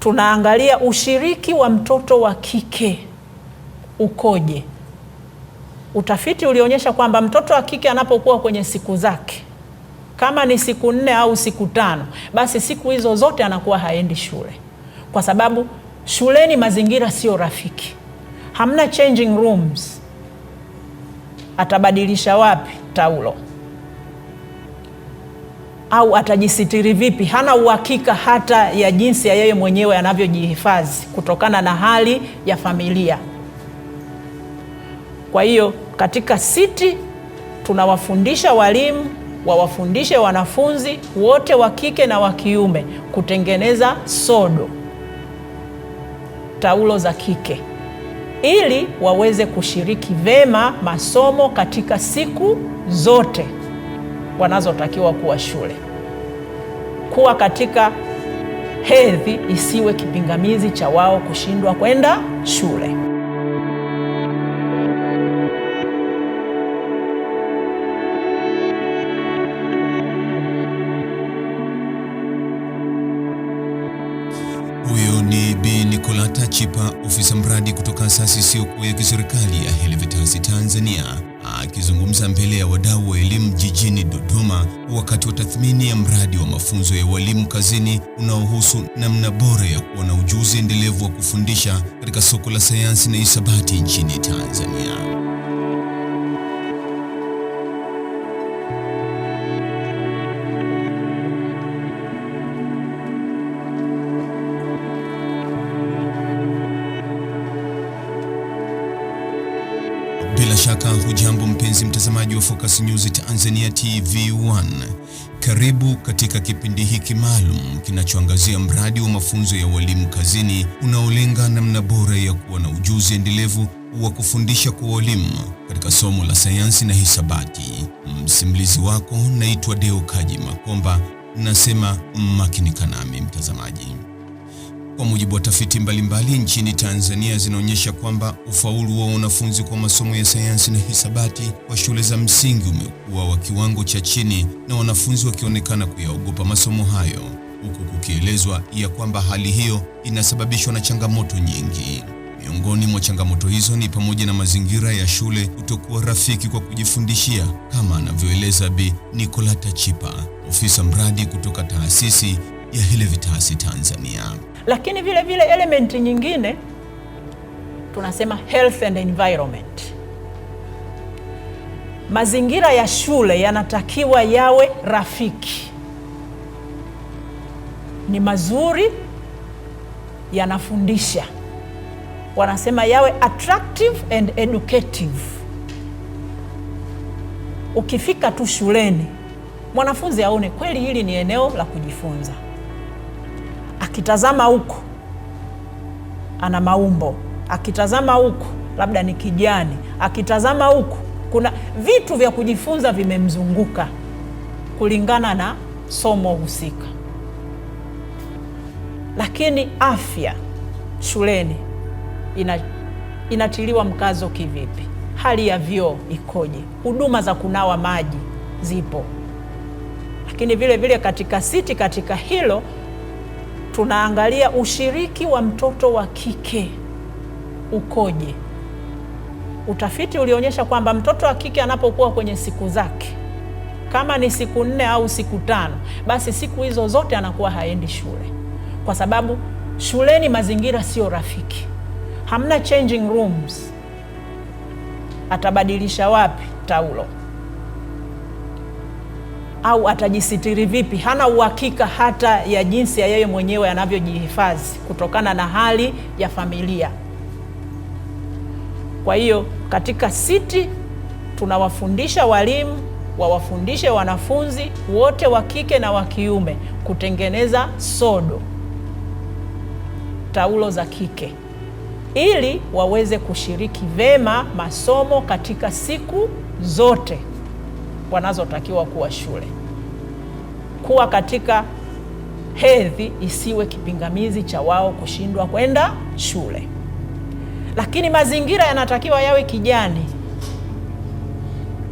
tunaangalia ushiriki wa mtoto wa kike ukoje. Utafiti ulionyesha kwamba mtoto wa kike anapokuwa kwenye siku zake, kama ni siku nne au siku tano, basi siku hizo zote anakuwa haendi shule, kwa sababu shuleni mazingira sio rafiki, hamna changing rooms. Atabadilisha wapi taulo? au atajisitiri vipi, hana uhakika hata ya jinsi ya yeye mwenyewe anavyojihifadhi kutokana na hali ya familia. Kwa hiyo katika siti tunawafundisha walimu wawafundishe wanafunzi wote wa kike na wa kiume kutengeneza sodo, taulo za kike ili waweze kushiriki vema masomo katika siku zote wanazotakiwa kuwa shule. Kuwa katika hedhi isiwe kipingamizi cha wao kushindwa kwenda shule. huyo ni Bi Nicolata Chipa, ofisa mradi kutoka asasi isiyokuwa ya kiserikali ya Helvetas Tanzania akizungumza mbele ya wadau wa elimu jijini Dodoma wakati wa tathmini ya mradi wa mafunzo ya walimu kazini unaohusu namna bora ya kuwa na ujuzi endelevu wa kufundisha katika soko la sayansi na hisabati nchini Tanzania. Hujambo mpenzi mtazamaji wa Focus News Tanzania TV1, karibu katika kipindi hiki maalum kinachoangazia mradi wa mafunzo ya walimu kazini unaolenga namna bora ya kuwa na ujuzi endelevu wa kufundisha kwa walimu katika somo la sayansi na hisabati. Msimulizi wako naitwa Deo Kaji Makomba, nasema makinika nami mtazamaji. Kwa mujibu wa tafiti mbalimbali nchini Tanzania zinaonyesha kwamba ufaulu wa wanafunzi kwa masomo ya sayansi na hisabati kwa shule za msingi umekuwa wa kiwango cha chini na wanafunzi wakionekana kuyaogopa masomo hayo, huku kukielezwa ya kwamba hali hiyo inasababishwa na changamoto nyingi. Miongoni mwa changamoto hizo ni pamoja na mazingira ya shule kutokuwa rafiki kwa kujifundishia, kama anavyoeleza Bi Nicolata Chipa, ofisa mradi kutoka taasisi ya Helevitas Tanzania. Lakini vile vile elementi nyingine tunasema health and environment. Mazingira ya shule yanatakiwa yawe rafiki, ni mazuri, yanafundisha. Wanasema yawe attractive and educative. Ukifika tu shuleni mwanafunzi aone kweli hili ni eneo la kujifunza akitazama huku ana maumbo, akitazama huku labda ni kijani, akitazama huku kuna vitu vya kujifunza vimemzunguka kulingana na somo husika. Lakini afya shuleni ina, inatiliwa mkazo kivipi? Hali ya vyoo ikoje? Huduma za kunawa maji zipo, lakini vile vile katika siti, katika hilo tunaangalia ushiriki wa mtoto wa kike ukoje. Utafiti ulionyesha kwamba mtoto wa kike anapokuwa kwenye siku zake, kama ni siku nne au siku tano, basi siku hizo zote anakuwa haendi shule, kwa sababu shuleni mazingira sio rafiki, hamna changing rooms. Atabadilisha wapi taulo? au atajisitiri vipi, hana uhakika hata ya jinsi ya yeye mwenyewe anavyojihifadhi kutokana na hali ya familia. Kwa hiyo katika siti tunawafundisha walimu wawafundishe wanafunzi wote wa kike na wa kiume kutengeneza sodo, taulo za kike ili waweze kushiriki vema masomo katika siku zote wanazotakiwa kuwa shule. Kuwa katika hedhi isiwe kipingamizi cha wao kushindwa kwenda shule, lakini mazingira yanatakiwa yawe kijani.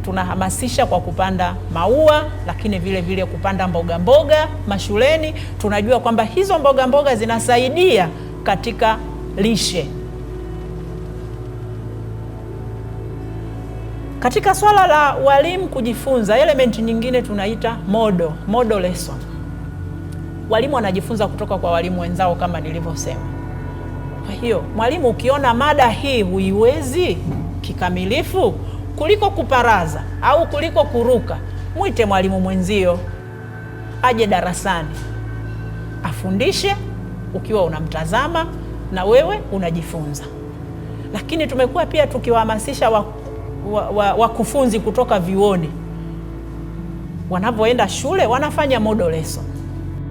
Tunahamasisha kwa kupanda maua, lakini vile vile kupanda mboga mboga mashuleni. Tunajua kwamba hizo mboga mboga zinasaidia katika lishe Katika swala la walimu kujifunza, element nyingine tunaita modo modo lesson. Walimu wanajifunza kutoka kwa walimu wenzao kama nilivyosema. Kwa hiyo mwalimu, ukiona mada hii huiwezi kikamilifu, kuliko kuparaza au kuliko kuruka, mwite mwalimu mwenzio aje darasani afundishe, ukiwa unamtazama na wewe unajifunza. Lakini tumekuwa pia tukiwahamasisha wakufunzi wa, wakufunzi kutoka vyuoni wanavyoenda shule wanafanya modoleso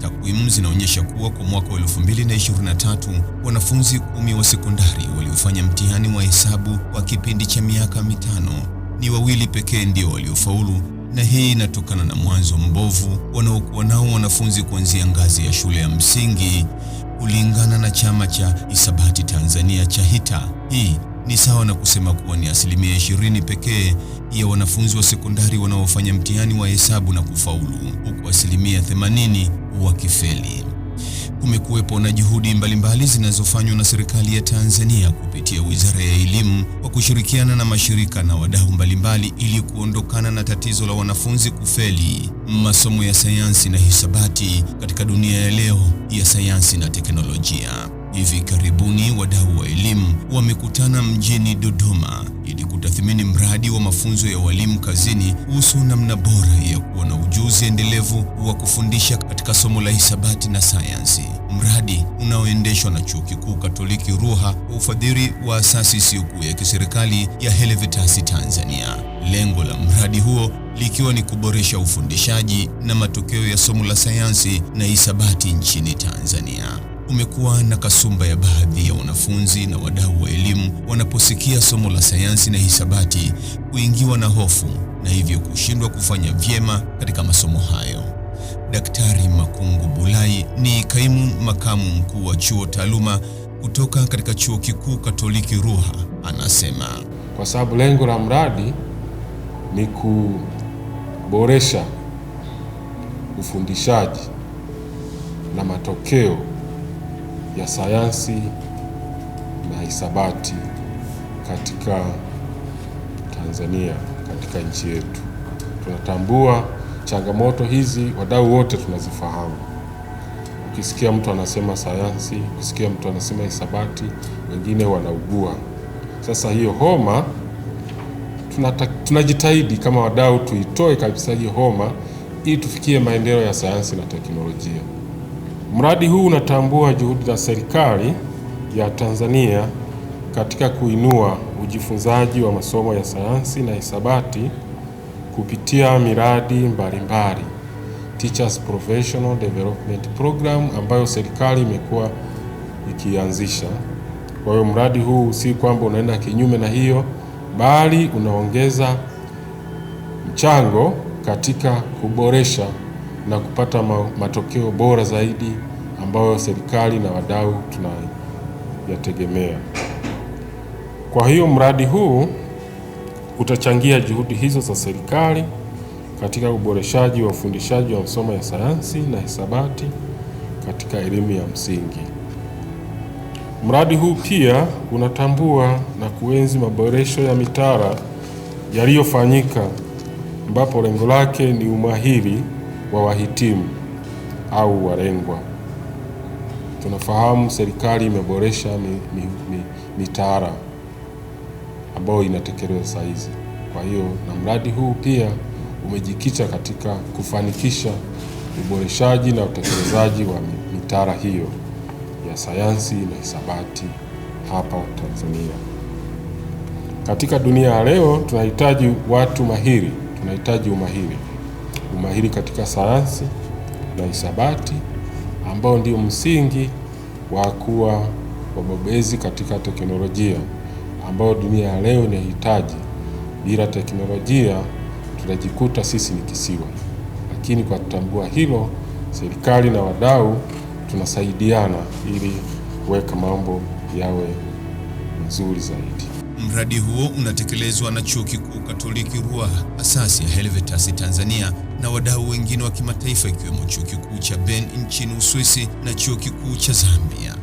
Takwimu zinaonyesha kuwa kwa mwaka wa 2023 wanafunzi kumi wa sekondari waliofanya mtihani wa hesabu kwa kipindi cha miaka mitano ni wawili pekee ndio waliofaulu, na hii inatokana na mwanzo mbovu wanaokuwa nao wanafunzi kuanzia ngazi ya shule ya msingi, kulingana na chama cha hisabati Tanzania cha HITA. Hii ni sawa na kusema kuwa ni asilimia ishirini pekee ya wanafunzi wa sekondari wanaofanya mtihani wa hesabu na kufaulu, huku asilimia themanini wakifeli. Kumekuwepo na juhudi mbalimbali zinazofanywa na serikali ya Tanzania kupitia Wizara ya Elimu kwa kushirikiana na mashirika na wadau mbalimbali ili kuondokana na tatizo la wanafunzi kufeli masomo ya sayansi na hisabati katika dunia ya leo ya sayansi na teknolojia. Hivi karibuni wadau wa elimu wamekutana mjini Dodoma ili kutathmini mradi wa mafunzo ya walimu kazini kuhusu namna bora ya kuwa na ujuzi endelevu wa kufundisha katika somo la hisabati na sayansi, mradi unaoendeshwa na Chuo Kikuu Katoliki Ruaha kwa ufadhili wa asasi isiyokuu ya kiserikali ya Helvetas Tanzania. Lengo la mradi huo likiwa ni kuboresha ufundishaji na matokeo ya somo la sayansi na hisabati nchini Tanzania umekuwa na kasumba ya baadhi ya wanafunzi na wadau wa elimu wanaposikia somo la sayansi na hisabati kuingiwa na hofu na hivyo kushindwa kufanya vyema katika masomo hayo. Daktari Makungu Bulai ni kaimu makamu mkuu wa chuo taaluma kutoka katika Chuo Kikuu Katoliki Ruha, anasema kwa sababu lengo la mradi ni kuboresha ufundishaji na matokeo ya sayansi na hisabati katika Tanzania, katika nchi yetu. Tunatambua changamoto hizi, wadau wote tunazifahamu. Ukisikia mtu anasema sayansi, ukisikia mtu anasema hisabati, wengine wanaugua. Sasa hiyo homa tunata, tunajitahidi kama wadau tuitoe kabisa hiyo homa ili tufikie maendeleo ya sayansi na teknolojia. Mradi huu unatambua juhudi za serikali ya Tanzania katika kuinua ujifunzaji wa masomo ya sayansi na hisabati kupitia miradi mbalimbali, Teachers Professional Development Program ambayo serikali imekuwa ikianzisha. Kwa hiyo mradi huu si kwamba unaenda kinyume na hiyo, bali unaongeza mchango katika kuboresha na kupata matokeo bora zaidi ambayo serikali na wadau tunayategemea. Kwa hiyo mradi huu utachangia juhudi hizo za serikali katika uboreshaji wa ufundishaji wa masomo ya sayansi na hisabati katika elimu ya msingi. Mradi huu pia unatambua na kuenzi maboresho ya mitaala yaliyofanyika ambapo lengo lake ni umahiri wa wahitimu au walengwa. Tunafahamu serikali imeboresha mitaala mi, mi, ambayo inatekelezwa saa hizi. Kwa hiyo na mradi huu pia umejikita katika kufanikisha uboreshaji na utekelezaji wa mitaala hiyo ya sayansi na hisabati hapa Tanzania. Katika dunia ya leo tunahitaji watu mahiri, tunahitaji umahiri, umahiri katika sayansi na hisabati ambao ndio msingi wa kuwa wabobezi katika teknolojia ambayo dunia ya leo inahitaji. Bila teknolojia tunajikuta sisi ni kisiwa, lakini kwa kutambua hilo, serikali na wadau tunasaidiana ili kuweka mambo yawe mazuri zaidi. Mradi huo unatekelezwa na Chuo Kikuu Katoliki Ruaha, asasi ya Helvetas Tanzania na wadau wengine wa kimataifa ikiwemo Chuo Kikuu cha Ben nchini Uswisi na Chuo Kikuu cha Zambia.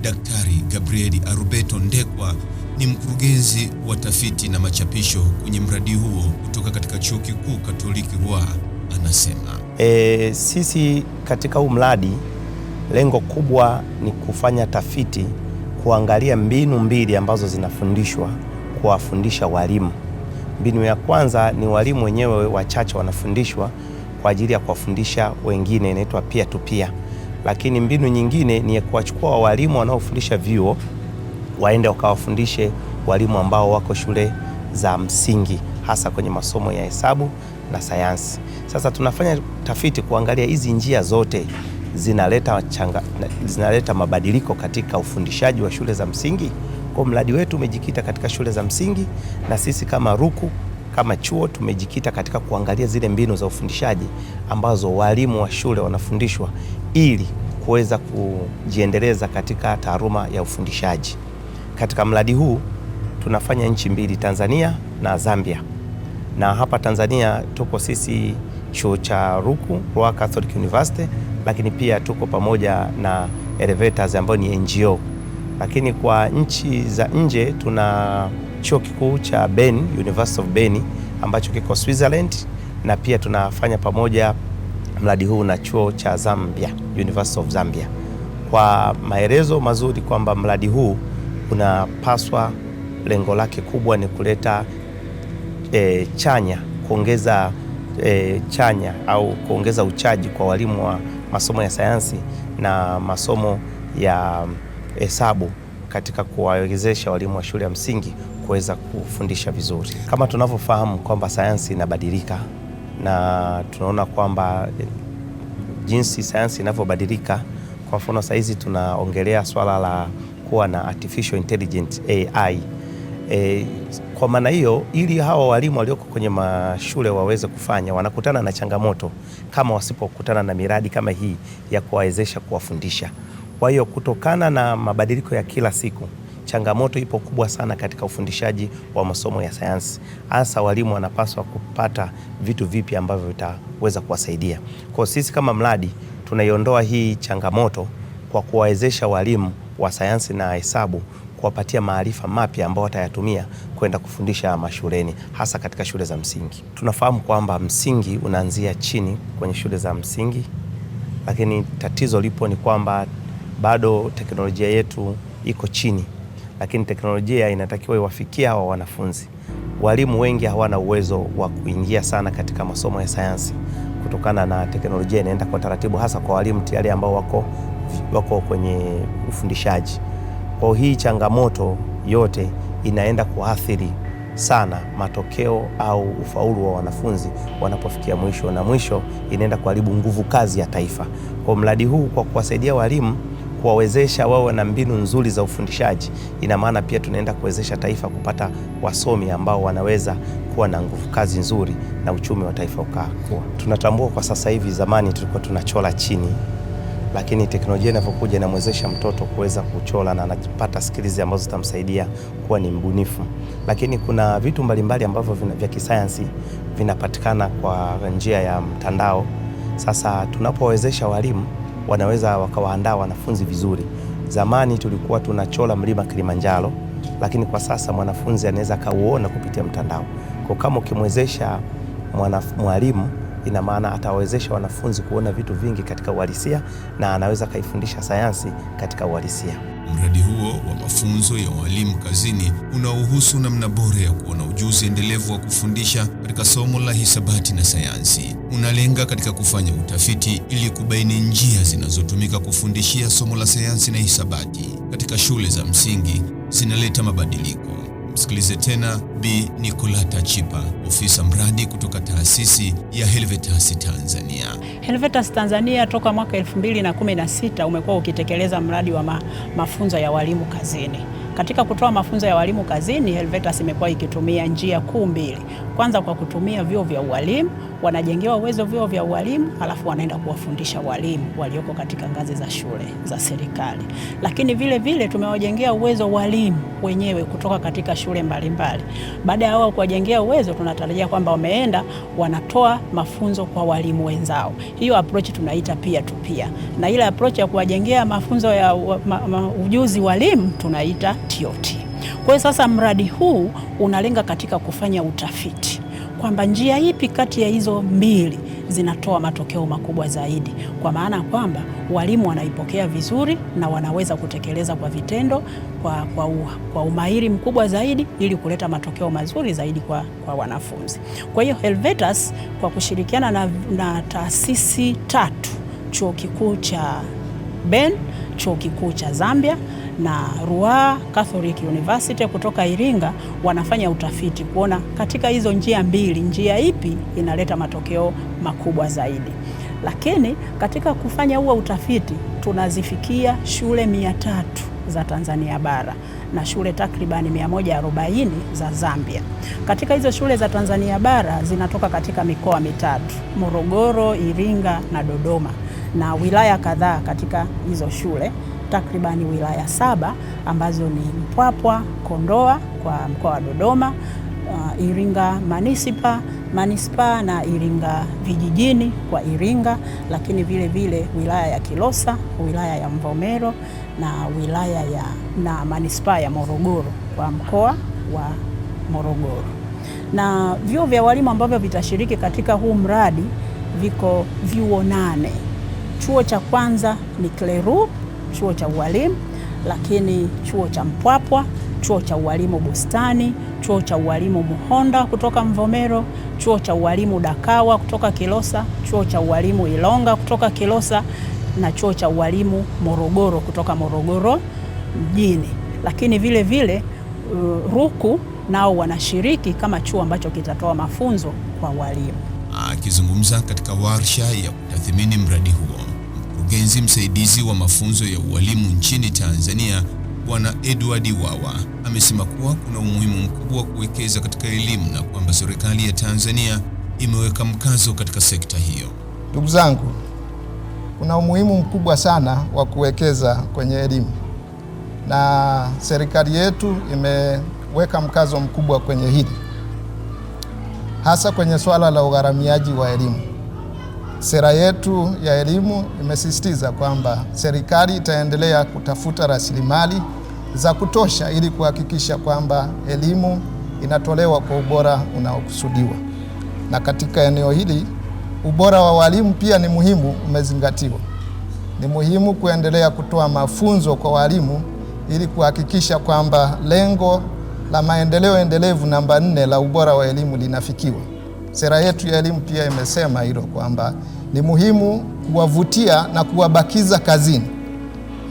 Daktari Gabrieli Arubeto Ndekwa ni mkurugenzi wa tafiti na machapisho kwenye mradi huo kutoka katika Chuo Kikuu Katoliki Ruaha anasema, e, sisi katika huu mradi lengo kubwa ni kufanya tafiti kuangalia mbinu mbili ambazo zinafundishwa kuwafundisha walimu. Mbinu ya kwanza ni walimu wenyewe wachache wanafundishwa kwa ajili ya kuwafundisha wengine, inaitwa pia to pia. lakini mbinu nyingine ni kuwachukua walimu wanaofundisha vyuo waende wakawafundishe walimu ambao wako shule za msingi hasa kwenye masomo ya hesabu na sayansi. Sasa tunafanya tafiti kuangalia hizi njia zote zinaleta, changa, zinaleta mabadiliko katika ufundishaji wa shule za msingi. Kwa mradi wetu umejikita katika shule za msingi, na sisi kama RUCU kama chuo tumejikita katika kuangalia zile mbinu za ufundishaji ambazo walimu wa shule wanafundishwa ili kuweza kujiendeleza katika taaluma ya ufundishaji. Katika mradi huu tunafanya nchi mbili, Tanzania na Zambia, na hapa Tanzania tuko sisi chuo cha RUCU, Ruaha Catholic University lakini pia tuko pamoja na Elevators ambayo ni NGO. Lakini kwa nchi za nje tuna chuo kikuu cha Bern, University of Bern ambacho kiko Switzerland na pia tunafanya pamoja mradi huu na chuo cha Zambia, University of Zambia. Kwa maelezo mazuri kwamba mradi huu unapaswa, lengo lake kubwa ni kuleta e, chanya kuongeza e, chanya au kuongeza uchaji kwa walimu wa masomo ya sayansi na masomo ya hesabu katika kuwawezesha walimu wa shule ya msingi kuweza kufundisha vizuri. Kama tunavyofahamu kwamba sayansi inabadilika na tunaona kwamba eh, jinsi sayansi inavyobadilika, kwa mfano saa hizi tunaongelea swala la kuwa na artificial intelligence AI. E, eh, kwa maana hiyo, ili hawa walimu walioko kwenye mashule waweze kufanya, wanakutana na changamoto kama wasipokutana na miradi kama hii ya kuwawezesha kuwafundisha. Kwa hiyo, kutokana na mabadiliko ya kila siku, changamoto ipo kubwa sana katika ufundishaji wa masomo ya sayansi. Hasa walimu wanapaswa kupata vitu vipi ambavyo vitaweza kuwasaidia. Kwa sisi kama mradi tunaiondoa hii changamoto kwa kuwawezesha walimu wa sayansi na hesabu kuwapatia maarifa mapya ambayo watayatumia kwenda kufundisha mashuleni, hasa katika shule za msingi. Tunafahamu kwamba msingi unaanzia chini kwenye shule za msingi, lakini tatizo lipo ni kwamba bado teknolojia yetu iko chini, lakini teknolojia inatakiwa iwafikie hawa wanafunzi. Walimu wengi hawana uwezo wa kuingia sana katika masomo ya sayansi kutokana na teknolojia inaenda kwa taratibu, hasa kwa walimu tayari ambao wako, wako kwenye ufundishaji. Kwa hii changamoto yote inaenda kuathiri sana matokeo au ufaulu wa wanafunzi wanapofikia mwisho, na mwisho inaenda kuharibu nguvu kazi ya taifa. Kwa mradi huu, kwa kuwasaidia walimu kuwawezesha wawe na mbinu nzuri za ufundishaji, ina maana pia tunaenda kuwezesha taifa kupata wasomi ambao wanaweza kuwa na nguvu kazi nzuri na uchumi wa taifa ukakua. Tunatambua kwa sasa hivi, zamani tulikuwa tunachola chini lakini teknolojia inavyokuja inamwezesha mtoto kuweza kuchora na anapata skills ambazo zitamsaidia kuwa ni mbunifu. Lakini kuna vitu mbalimbali ambavyo vya kisayansi vinapatikana kwa njia ya mtandao. Sasa tunapowezesha walimu, wanaweza wakawaandaa wanafunzi vizuri. Zamani tulikuwa tunachora mlima Kilimanjaro, lakini kwa sasa mwanafunzi anaweza akauona kupitia mtandao. Kwa kama ukimwezesha mwalimu ina maana atawawezesha wanafunzi kuona vitu vingi katika uhalisia na anaweza akaifundisha sayansi katika uhalisia. Mradi huo wa mafunzo ya walimu kazini unaohusu namna bora ya kuona ujuzi endelevu wa kufundisha katika somo la hisabati na sayansi unalenga katika kufanya utafiti ili kubaini njia zinazotumika kufundishia somo la sayansi na hisabati katika shule za msingi zinaleta mabadiliko. Msikilize tena Bi Nicolata Chipa, ofisa mradi kutoka taasisi ya Helvetas Tanzania. Helvetas Tanzania toka mwaka 2016 umekuwa ukitekeleza mradi wa ma, mafunzo ya walimu kazini katika kutoa mafunzo ya walimu kazini, Helvetas imekuwa ikitumia njia kuu mbili. Kwanza kwa kutumia vyuo vya ualimu, wanajengewa uwezo vyuo vya ualimu, alafu wanaenda kuwafundisha walimu walioko katika ngazi za shule za serikali. Lakini vile vile tumewajengea uwezo walimu wenyewe kutoka katika shule mbalimbali. Baada ya wao kuwajengea uwezo, tunatarajia kwamba wameenda wanatoa mafunzo kwa walimu wenzao. Hiyo approach tunaita pia tupia, na ile approach ya kuwajengea mafunzo ya ma, ma, ujuzi walimu tunaita TOT. Kwa hiyo sasa mradi huu unalenga katika kufanya utafiti kwamba njia ipi kati ya hizo mbili zinatoa matokeo makubwa zaidi, kwa maana kwamba walimu wanaipokea vizuri na wanaweza kutekeleza kwa vitendo kwa, kwa, kwa umahiri mkubwa zaidi ili kuleta matokeo mazuri zaidi kwa, kwa wanafunzi. Kwa hiyo Helvetas kwa kushirikiana na, na taasisi tatu, chuo kikuu cha Ben, chuo kikuu cha Zambia na Ruaha Catholic University kutoka Iringa wanafanya utafiti kuona katika hizo njia mbili, njia ipi inaleta matokeo makubwa zaidi. Lakini katika kufanya huo utafiti tunazifikia shule mia tatu za Tanzania bara na shule takribani 140 za Zambia. Katika hizo shule za Tanzania bara zinatoka katika mikoa mitatu, Morogoro, Iringa na Dodoma na wilaya kadhaa katika hizo shule takribani wilaya saba ambazo ni Mpwapwa, Kondoa kwa mkoa wa Dodoma, uh, Iringa manisipa manispaa na Iringa vijijini kwa Iringa, lakini vile vile wilaya ya Kilosa, wilaya ya Mvomero na wilaya ya na manispaa ya Morogoro kwa mkoa wa Morogoro. Na vyuo vya walimu ambavyo vitashiriki katika huu mradi viko vyuo nane. Chuo cha kwanza ni Kleru chuo cha ualimu, lakini chuo cha Mpwapwa, chuo cha ualimu Bustani, chuo cha ualimu Muhonda kutoka Mvomero, chuo cha ualimu Dakawa kutoka Kilosa, chuo cha ualimu Ilonga kutoka Kilosa na chuo cha ualimu Morogoro kutoka Morogoro mjini. Lakini vile vile uh, Ruku nao wanashiriki kama chuo ambacho kitatoa mafunzo kwa walimu. Akizungumza katika warsha ya kutathimini mradi huo Mkurugenzi msaidizi wa mafunzo ya ualimu nchini Tanzania, Bwana Edward Wawa amesema kuwa kuna umuhimu mkubwa wa kuwekeza katika elimu na kwamba serikali ya Tanzania imeweka mkazo katika sekta hiyo. Ndugu zangu, kuna umuhimu mkubwa sana wa kuwekeza kwenye elimu na serikali yetu imeweka mkazo mkubwa kwenye hili, hasa kwenye swala la ugharamiaji wa elimu. Sera yetu ya elimu imesisitiza kwamba serikali itaendelea kutafuta rasilimali za kutosha ili kuhakikisha kwamba elimu inatolewa kwa ubora unaokusudiwa. Na katika eneo hili ubora wa walimu pia ni muhimu umezingatiwa. Ni muhimu kuendelea kutoa mafunzo kwa walimu ili kuhakikisha kwamba lengo la maendeleo endelevu namba nne la ubora wa elimu linafikiwa. Sera yetu ya elimu pia imesema hilo kwamba ni muhimu kuwavutia na kuwabakiza kazini,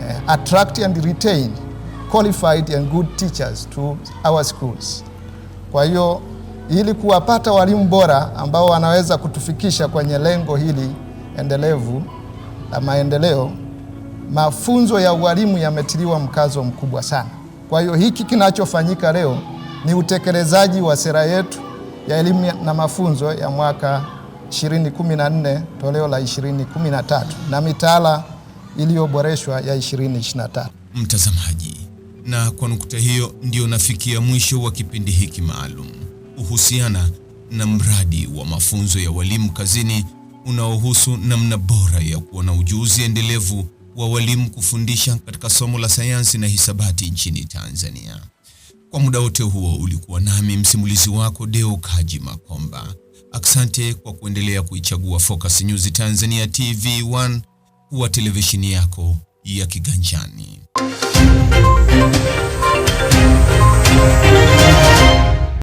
eh, attract and retain qualified and good teachers to our schools. Kwa hiyo ili kuwapata walimu bora ambao wanaweza kutufikisha kwenye lengo hili endelevu la maendeleo, mafunzo ya ualimu yametiliwa mkazo mkubwa sana. Kwa hiyo hiki kinachofanyika leo ni utekelezaji wa sera yetu ya elimu na mafunzo ya mwaka 2014 toleo la 2013 na mitaala iliyoboreshwa ya 2023. Mtazamaji, na kwa nukta hiyo ndio nafikia mwisho wa kipindi hiki maalum uhusiana na mradi wa mafunzo ya walimu kazini unaohusu namna bora ya kuwa na ujuzi endelevu wa walimu kufundisha katika somo la sayansi na hisabati nchini Tanzania. Kwa muda wote huo ulikuwa nami msimulizi wako Deo Kaji Makomba. Asante kwa kuendelea kuichagua Focus News Tanzania TV1 kuwa televisheni yako ya kiganjani.